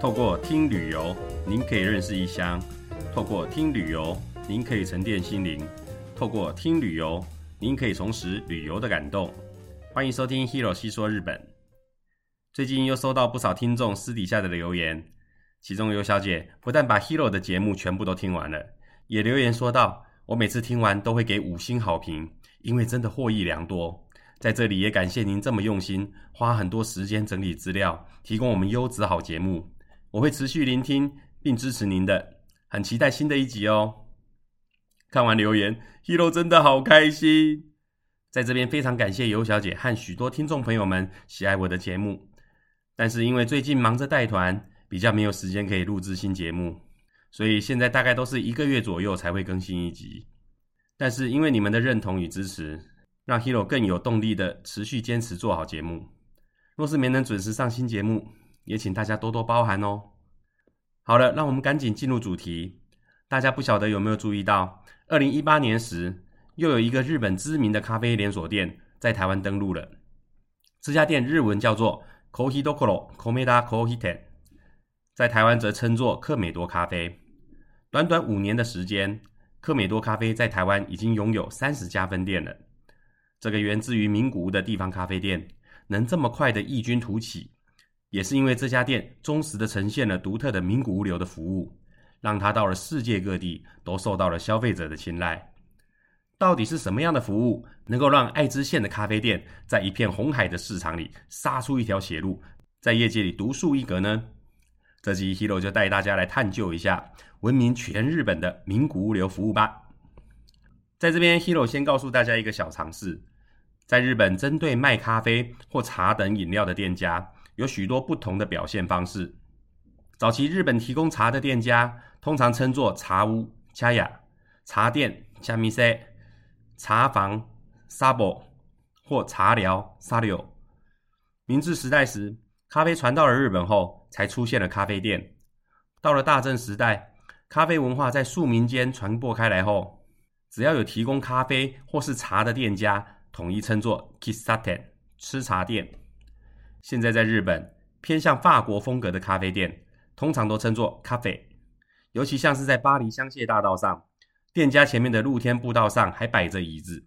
透過聽旅遊，您可以認識異鄉；透過聽旅遊，您可以沉澱心靈；透過聽旅遊，您可以重拾旅遊的感動。歡迎收聽《Hero 細說日本》。最近又收到不少聽眾私底下的留言，其中尤小姐不但把 Hero 的節目全部都聽完了，也留言說道：“我每次聽完都會給五星好評，因為真的獲益良多。”在這裡也感謝您這麼用心，花很多時間整理資料，提供我們優質好節目。我會持續聆聽並支持您的，很期待新的一集哦。看完留言，Hero 真的好開心。在這邊非常感謝尤小姐和許多聽眾朋友們喜愛我的節目，但是因為最近忙着帶團，比較沒有時間可以錄製新節目，所以現在大概都是一個月左右才會更新一集。但是因為你們的認同與支持，讓 Hero 更有動力的持續堅持做好節目。若是沒能準時上新節目，也請大家多多包涵哦。好了，讓我們趕緊進入主題。大家不曉得有沒有注意到，二零一八年時，又有一個日本知名的咖啡連鎖店在台灣登陸了。這家店日文叫做 Kohidokoro，Komeda Kohiten 在台灣則稱作客美多咖啡。短短五年的時間，客美多咖啡在台灣已經擁有三十家分店了。這個源自於名古屋的地方咖啡店，能這麼快的異軍突起。也是因為這家店忠實的呈現了獨特的名古屋流的服務，讓它到了世界各地都受到了消費者的青睞。到底是什麼樣的服務能夠讓愛知縣的咖啡店在一片紅海的市場裡殺出一條血路，在業界裡獨樹一格呢？這集 Hero 就帶大家來探究一下聞名全日本的名古屋流服務吧。在這邊，Hero 先告訴大家一個小常識：在日本，針對賣咖啡或茶等飲料的店家，有許多不同的表現方式。早期日本提供茶的店家通常稱作茶屋 c h a y a 茶店 （chamise）、茶房 （sabo） 或茶寮 s a i o 明治時代時，咖啡傳到了日本後，才出現了咖啡店。到了大正時代，咖啡文化在庶民間傳播開來後，只要有提供咖啡或是茶的店家，統一稱作 kisaten（ 喫茶店）。現在在日本，偏向法國風格的咖啡店通常都稱作咖啡，尤其像是在巴黎香榭大道上，店家前面的露天步道上還擺着椅子，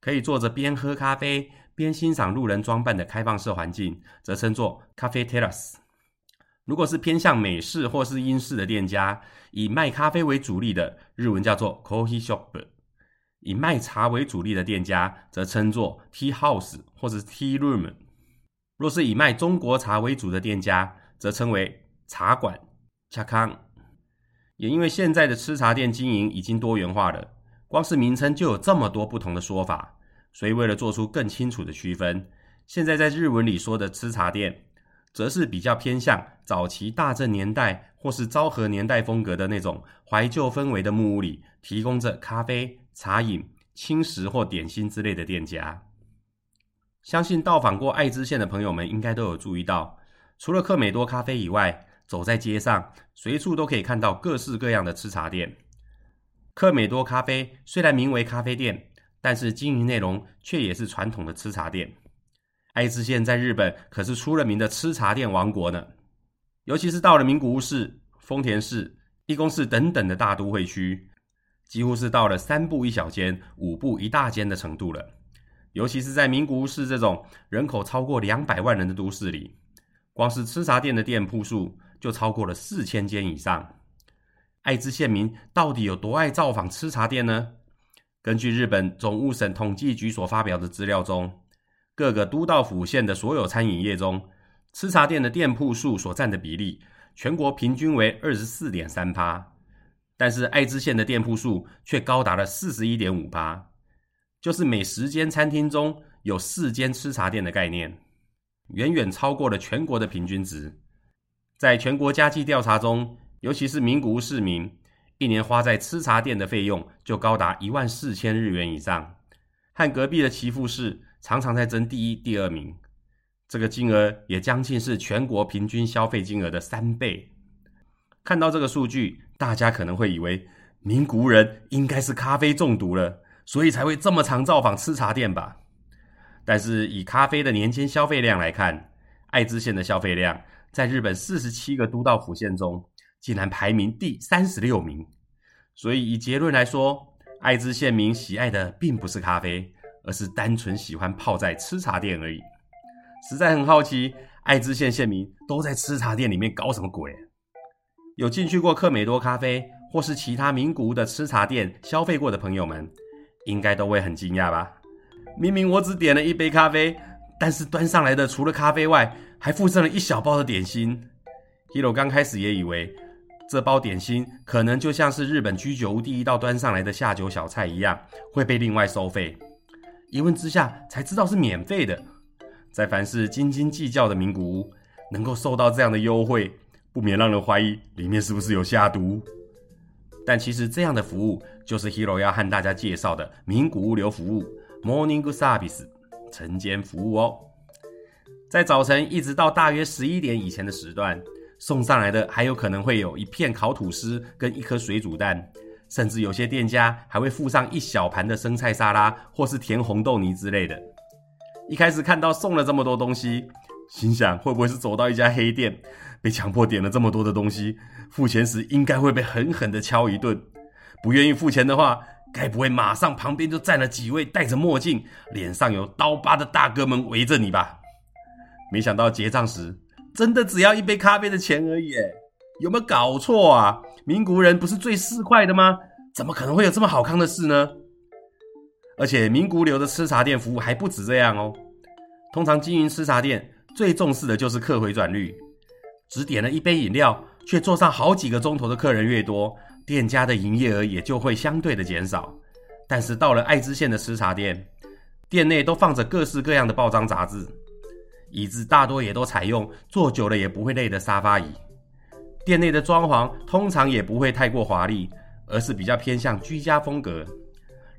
可以坐着邊喝咖啡邊欣賞路人裝扮的開放式環境，則稱作咖啡 terrace。如果是偏向美式或是英式的店家，以賣咖啡為主力的日文叫做 coffee shop，以賣茶為主力的店家則稱作 tea house 或是 tea room。若是以賣中國茶為主的店家，則稱為茶館、茶康。也因為現在的吃茶店經營已經多元化了，光是名稱就有這麼多不同的說法，所以為了做出更清楚的區分，現在在日文裡說的吃茶店，則是比較偏向早期大正年代或是昭和年代風格的那種懷舊氛圍的木屋裡，提供着咖啡、茶飲、輕食或點心之類的店家。相信到訪過愛知縣的朋友們，應該都有注意到，除了客美多咖啡以外，走在街上，隨處都可以看到各式各樣的吃茶店。客美多咖啡雖然名為咖啡店，但是經營內容卻也是傳統的吃茶店。愛知縣在日本可是出了名的吃茶店王國呢，尤其是到了名古屋市、豐田市、一宮市等等的大都會區，幾乎是到了三步一小間、五步一大間的程度了。尤其是在名古屋市這種人口超過兩百萬人的都市裡，光是吃茶店的店鋪數就超過了四千間以上。愛知縣民到底有多愛造訪吃茶店呢？根據日本總務省統計局所發表的資料中，各個都道府縣的所有餐飲業中，吃茶店的店鋪數所佔的比例，全國平均為二十四點三趴，但是愛知縣的店鋪數卻高達了四十一點五趴。就是每十間餐廳中有四間吃茶店的概念，遠遠超過了全國的平均值。在全國家計調查中，尤其是名古屋市民，一年花在吃茶店的費用就高達一萬四千日元以上，和隔壁的岐阜市常常在爭第一、第二名。這個金額也將近是全國平均消費金額的三倍。看到這個數據，大家可能會以為名古屋人應該是咖啡中毒了。所以才會這麼常造訪吃茶店吧？但是以咖啡的年間消費量來看，愛知縣的消費量在日本四十七個都道府縣中竟然排名第三十六名。所以以結論來說，愛知縣民喜愛的並不是咖啡，而是單純喜歡泡在吃茶店而已。實在很好奇，愛知縣縣民都在吃茶店裡面搞什麼鬼？有進去過客美多咖啡或是其他名古屋的吃茶店消費過的朋友們？應該都會很驚訝吧？明明我只點了一杯咖啡，但是端上來的除了咖啡外，還附上了一小包的點心。Hiro 剛開始也以為這包點心可能就像是日本居酒屋第一道端上來的下酒小菜一樣，會被另外收費。一問之下才知道是免費的。在凡事斤斤計較的名古屋，能夠受到這樣的優惠，不免讓人懷疑裡面是不是有下毒。但其實這樣的服務就是 Hiro 要和大家介紹的名古屋流服務，Morning Service 晨間服務哦，在早晨一直到大約十一點以前的時段送上來的，還有可能會有一片烤吐司跟一顆水煮蛋，甚至有些店家還會附上一小盤的生菜沙拉或是甜紅豆泥之類的。一開始看到送了這麼多東西。心想會不會是走到一家黑店，被強迫點了這麼多的東西，付錢時應該會被狠狠的敲一頓。不願意付錢的話，該不會馬上旁邊就站了幾位戴着墨鏡、臉上有刀疤的大哥們圍着你吧？沒想到結賬時，真的只要一杯咖啡的錢而已耶，有沒有搞錯啊？名古屋人不是最市儈的嗎？怎麼可能會有這麼好康的事呢？而且，名古屋流的吃茶店服務還不止這樣哦，通常經營吃茶店。最重視的就是客回轉率，只點了一杯飲料卻坐上好幾個鐘頭的客人越多，店家的營業額也就會相對的減少。但是到了愛知縣的吃茶店，店內都放着各式各樣的報章雜誌，椅子大多也都採用坐久了也不會累的沙發椅，店內的裝潢通常也不會太過華麗，而是比較偏向居家風格，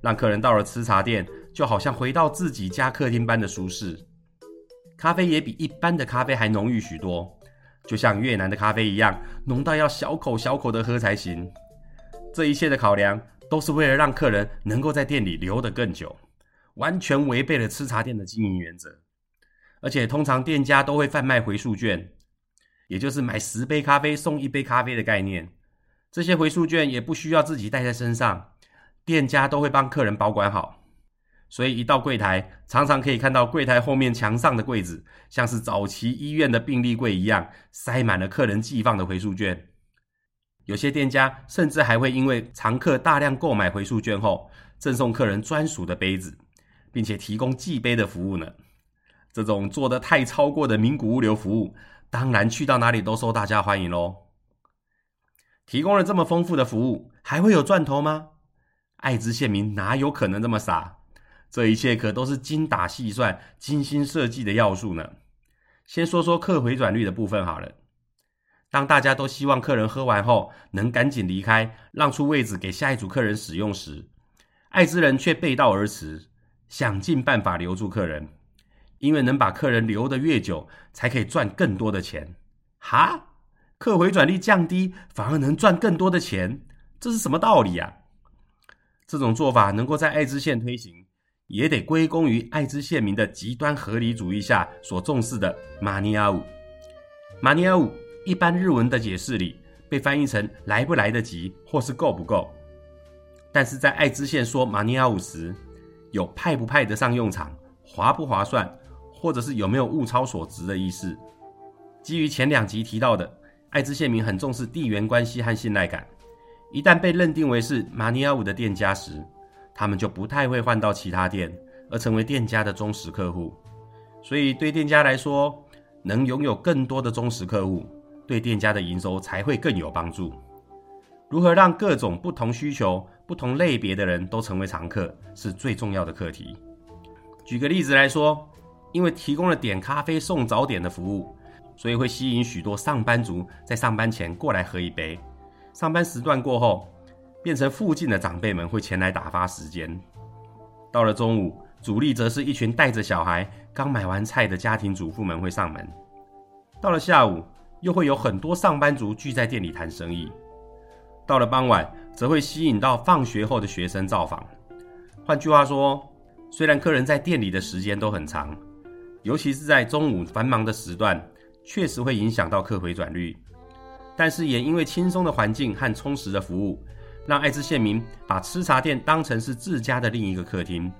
讓客人到了吃茶店就好像回到自己家客廳般的舒適。咖啡也比一般的咖啡還濃郁許多，就像越南的咖啡一樣，濃到要小口小口的喝才行。這一切的考量都是為了讓客人能夠在店裡留得更久，完全違背了喫茶店的經營原則。而且通常店家都會販賣回數券，也就是買十杯咖啡送一杯咖啡的概念。這些回數券也不需要自己帶在身上，店家都會幫客人保管好。所以一到櫃檯，常常可以看到櫃檯後面牆上的櫃子，像是早期醫院的病歷櫃一樣，塞滿了客人寄放的回數券。有些店家甚至還會因為常客大量購買回數券後，贈送客人專屬的杯子，並且提供寄杯的服務呢。這種做得太超過的名古屋流服務，當然去到哪裡都受大家歡迎嘍。提供了這麼豐富的服務，還會有賺頭嗎？愛知縣民哪有可能這麼傻？這一切可都是精打細算、精心設計的要素呢。先說說客回轉率的部分好了。當大家都希望客人喝完後能趕緊離開，讓出位置給下一組客人使用時，愛知人卻背道而馳，想盡辦法留住客人，因為能把客人留得越久，才可以賺更多的錢。哈，客回轉率降低，反而能賺更多的錢，這是什麼道理啊？這種做法能夠在愛知縣推行。也得歸功於愛知縣民的極端合理主義下所重視的馬尼亞五。馬尼亞五一般日文的解釋裡被翻譯成“來不來得及”或是“夠不夠”，但是在愛知縣說馬尼亞五時，有派不派得上用場、划不划算，或者是有沒有物超所值的意思。基於前兩集提到的，愛知縣民很重視地緣關係和信賴感，一旦被認定為是馬尼亞五的店家時，他們就不太會換到其他店，而成為店家的忠實客戶。所以，對店家來說，能擁有更多的忠實客戶，對店家的營收才會更有幫助。如何讓各種不同需求、不同類別的人都成為常客，是最重要的課題。舉個例子來說，因為提供了點咖啡送早點的服務，所以會吸引許多上班族在上班前過來喝一杯。上班時段過後，變成附近的長輩們會前來打發時間。到了中午，主力則是一群帶着小孩剛買完菜的家庭主婦們會上門。到了下午，又會有很多上班族聚在店裡談生意。到了傍晚，則會吸引到放學後的學生造訪。換句話說，雖然客人在店裡的時間都很長，尤其是在中午繁忙的時段，確實會影響到客迴轉率。但是也因為輕鬆的環境和充實的服務。讓愛知縣民把吃茶店當成是自家的另一個客廳，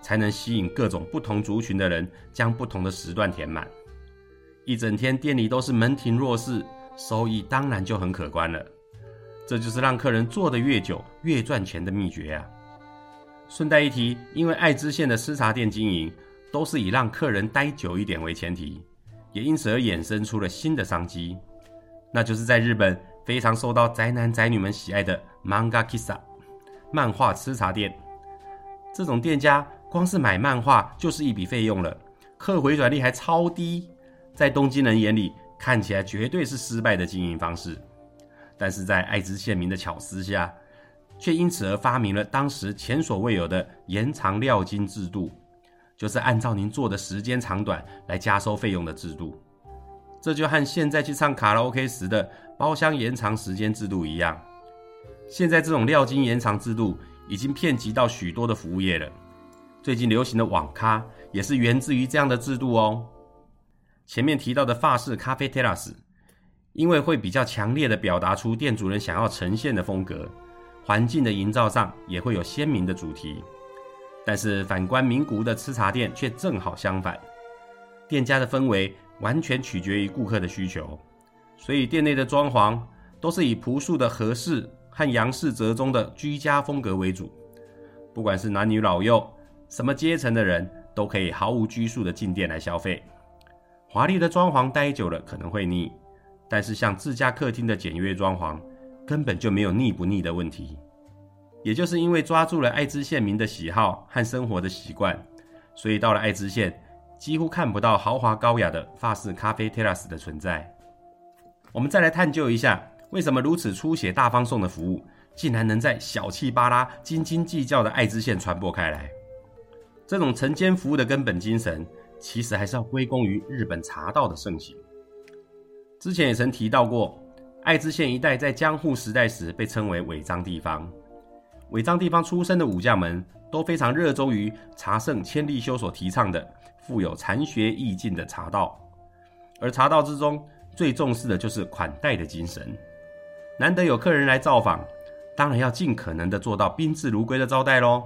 才能吸引各種不同族群的人，將不同的時段填滿。一整天店裡都是門庭若市，收益當然就很可觀了。這就是讓客人坐得越久越賺錢的秘訣啊！順帶一提，因為愛知縣的吃茶店經營都是以讓客人待久一點為前提，也因此而衍生出了新的商機，那就是在日本。非常受到宅男宅女們喜愛的 Manga Kissa 漫畫吃茶店，這種店家光是買漫畫就是一筆費用了，客回轉率還超低，在東京人眼裡看起來絕對是失敗的經營方式。但是在愛知縣民的巧思下，卻因此而發明了當時前所未有的延長料金制度，就是按照您坐的時間長短來加收費用的制度，這就和現在去唱卡拉 OK 時的，包廂延長時間制度一樣，現在這種料金延長制度已經遍及到許多的服務業了。最近流行的網咖也是源自於這樣的制度哦。前面提到的法式咖啡 Terrace，因為會比較強烈的表達出店主人想要呈現的風格，環境的營造上也會有鮮明的主題。但是反觀名古屋的吃茶店，卻正好相反，店家的氛圍完全取決於顧客的需求。所以店內的裝潢都是以樸素的和式和洋式折中的居家風格為主。不管是男女老幼，什麼階層的人，都可以毫無拘束的進店來消費。華麗的裝潢待久了可能會膩，但是像自家客廳的簡約裝潢，根本就沒有膩不膩的問題。也就是因為抓住了愛知縣民的喜好和生活的習慣，所以到了愛知縣，幾乎看不到豪華高雅的法式咖啡 Terrace 的存在。我們再來探究一下，為什麼如此出血大方送的服務，竟然能在小氣巴拉、斤斤計較的愛知縣傳播開來？這種晨間服務的根本精神，其實還是要歸功於日本茶道的盛行。之前也曾提到過，愛知縣一帶在江戶時代時被稱為“尾張地方”，尾張地方出身的武將們都非常熱衷於茶聖千利休所提倡的富有禪學意境的茶道，而茶道之中。最重視的就是款待的精神。難得有客人來造訪，當然要盡可能的做到賓至如歸的招待嘍。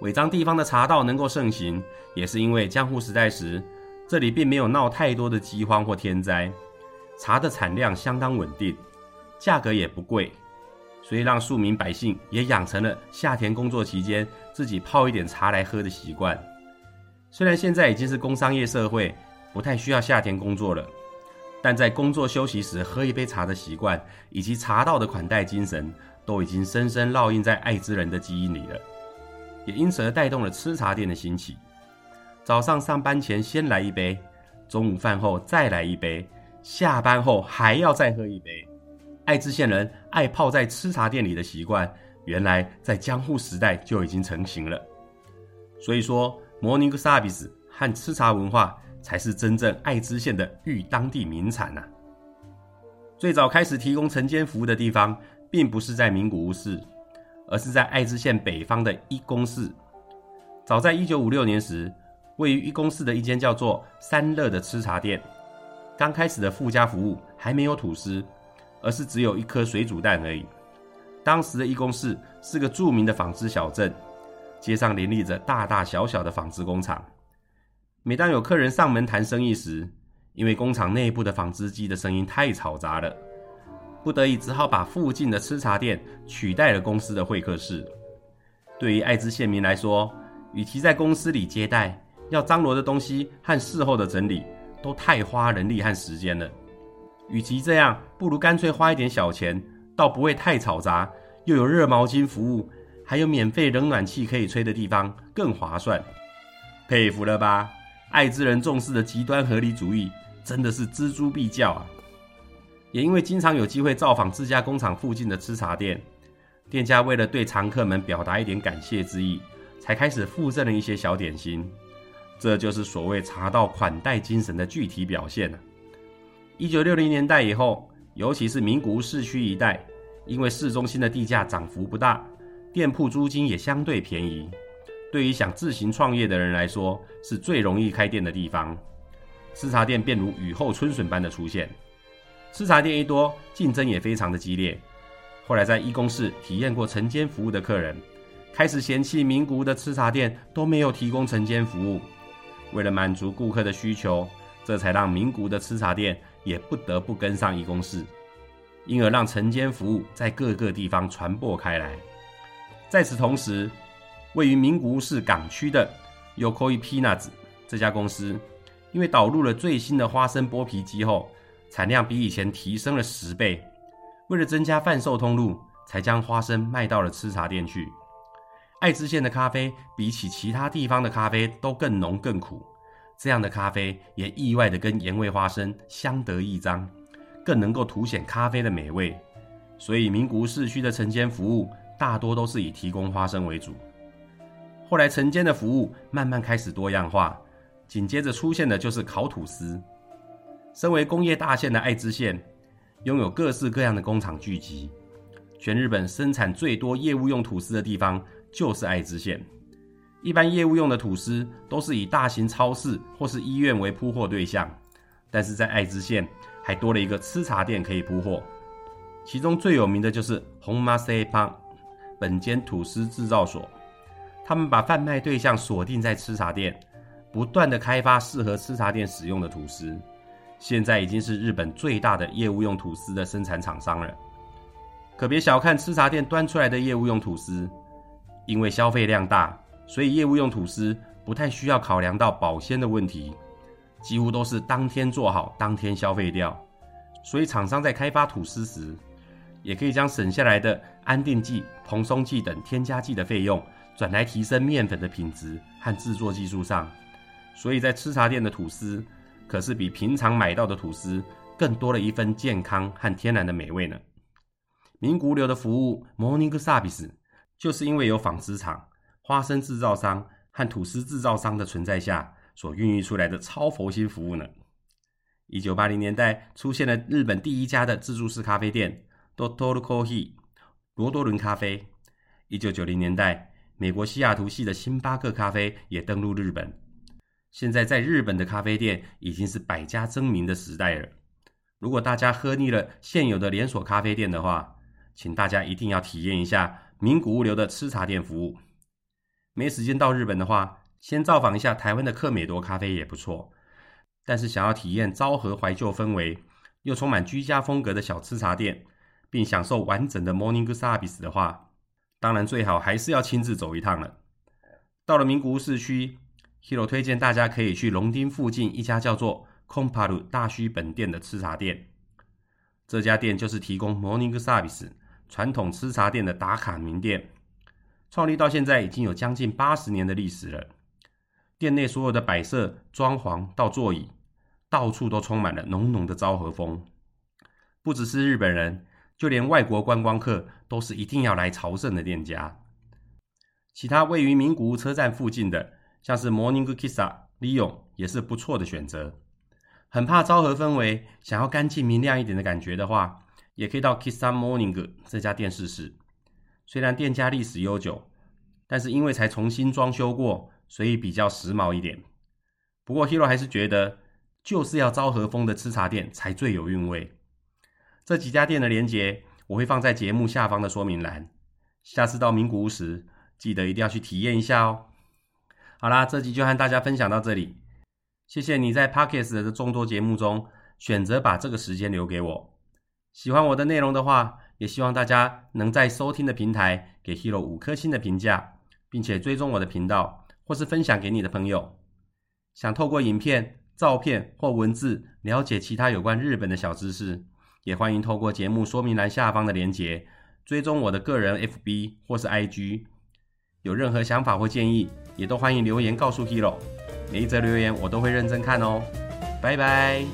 尾張地方的茶道能夠盛行，也是因為江戶時代時這裡並沒有鬧太多的饑荒或天災，茶的產量相當穩定，價格也不貴，所以讓庶民百姓也養成了夏天工作期間自己泡一點茶來喝的習慣。雖然現在已經是工商業社會，不太需要夏天工作了。但在工作休息時喝一杯茶的習慣，以及茶道的款待精神，都已經深深烙印在愛知人的基因裡了，也因此而帶動了吃茶店的興起。早上上班前先來一杯，中午飯後再來一杯，下班後還要再喝一杯。愛知縣人愛泡在吃茶店裡的習慣，原來在江戶時代就已經成型了。所以說，Morning Service 和吃茶文化，才是真正愛知縣的御當地名產吶啊。最早開始提供晨間服務的地方，並不是在名古屋市，而是在愛知縣北方的一宮市。早在一九五六年時，位於一宮市的一間叫做“三樂”的吃茶店，剛開始的附加服務還沒有吐司，而是只有一顆水煮蛋而已。當時的一宮市是個著名的紡織小鎮，街上林立着大大小小的紡織工廠。每當有客人上門談生意時，因為工廠內部的紡織機的聲音太嘈雜了，不得已只好把附近的吃茶店取代了公司的會客室。對於愛知縣民來說，與其在公司裡接待，要張羅的東西和事後的整理都太花人力和時間了。與其這樣，不如乾脆花一點小錢，倒不會太嘈雜，又有熱毛巾服務，還有免費冷暖氣可以吹的地方，更划算。佩服了吧？愛知人重視的極端合理主義，真的是錙銖必較啊！也因為經常有機會造訪自家工廠附近的吃茶店，店家為了對常客們表達一點感謝之意，才開始附贈了一些小點心。這就是所謂茶道款待精神的具體表現啊。一九六零年代以後，尤其是名古屋市區一帶，因為市中心的地價漲幅不大，店鋪租金也相對便宜。對於想自行創業的人來說，是最容易開店的地方。吃茶店便如雨後春筍般的出現。吃茶店一多，競爭也非常的激烈。後來在一宮市體驗過晨間服務的客人，開始嫌棄名古屋的吃茶店都沒有提供晨間服務。為了滿足顧客的需求，這才讓名古屋的吃茶店也不得不跟上一宮市，因而讓晨間服務在各個地方傳播開來。在此同時，位於名古屋市港區的 Yokoi Peanuts 這家公司，因為導入了最新的花生剝皮機後，產量比以前提升了十倍。為了增加販售通路，才將花生賣到了吃茶店去。愛知縣的咖啡比起其他地方的咖啡都更濃更苦，這樣的咖啡也意外的跟鹽味花生相得益彰，更能夠凸顯咖啡的美味。所以名古屋市區的晨間服務大多都是以提供花生為主。後來，城間的服務慢慢開始多樣化。緊接着出現的就是烤吐司。身為工業大縣的愛知縣，擁有各式各樣的工廠聚集。全日本生產最多業務用吐司的地方就是愛知縣。一般業務用的吐司都是以大型超市或是醫院為鋪貨對象，但是在愛知縣還多了一個吃茶店可以鋪貨。其中最有名的就是紅麻 C パン本間吐司制造所。他們把販賣對象鎖定在吃茶店，不斷地開發適合吃茶店使用的吐司。現在已經是日本最大的業務用吐司的生產廠商了。可別小看吃茶店端出來的業務用吐司，因為消費量大，所以業務用吐司不太需要考量到保鮮的問題，幾乎都是當天做好當天消費掉。所以廠商在開發吐司時，也可以將省下來的安定劑、蓬鬆劑等添加劑的費用轉來提升麵粉的品質和製作技術上，所以在吃茶店的吐司可是比平常買到的吐司更多了一份健康和天然的美味呢。名古屋流的服務摩尼格薩比斯就是因為有紡織廠、花生製造商和吐司製造商的存在下所孕育出來的超佛心服務呢。一九八零年代出現了日本第一家的自助式咖啡店多托魯科希羅多倫咖啡。一九九零年代。美國西雅圖系的星巴克咖啡也登陸日本，現在在日本的咖啡店已經是百家爭鳴的時代了。如果大家喝膩了現有的連鎖咖啡店的話，請大家一定要體驗一下名古屋流的吃茶店服務。沒時間到日本的話，先造訪一下台灣的客美多咖啡也不錯。但是想要體驗昭和懷舊氛圍，又充滿居家風格的小吃茶店，並享受完整的 Morning Service 的話，當然，最好還是要親自走一趟了。到了名古屋市區，Hiro 推薦大家可以去龍町附近一家叫做 Konparu 大須本店的吃茶店。這家店就是提供 morning service 傳統吃茶店的打卡名店，創立到現在已經有將近八十年的歷史了。店內所有的擺設、裝潢到座椅，到處都充滿了濃濃的昭和風。不只是日本人，就連外國觀光客都是一定要來朝聖的店家。其他位於名古屋車站附近的，像是 Morning Kissa、Lyon 也是不錯的選擇。很怕昭和氛圍，想要乾淨明亮一點的感覺的話，也可以到 Kissa Morningu 這家店試試。雖然店家歷史悠久，但是因為才重新裝修過，所以比較時髦一點。不過 Hero 還是覺得，就是要昭和風的吃茶店才最有韻味。這幾家店的連結我會放在節目下方的說明欄。下次到名古屋時，記得一定要去體驗一下哦。好啦，這集就和大家分享到這裡。謝謝你在 Podcast 的眾多節目中選擇把這個時間留給我。喜歡我的內容的話，也希望大家能在收聽的平台給 Hiro 五顆星的評價，並且追蹤我的頻道或是分享給你的朋友。想透過影片、照片或文字了解其他有關日本的小知識。也歡迎透過節目說明欄下方的鏈接追蹤我的個人 FB 或是 IG。有任何想法或建議，也都歡迎留言告訴 Hiro。每一則留言我都會認真看哦。拜拜。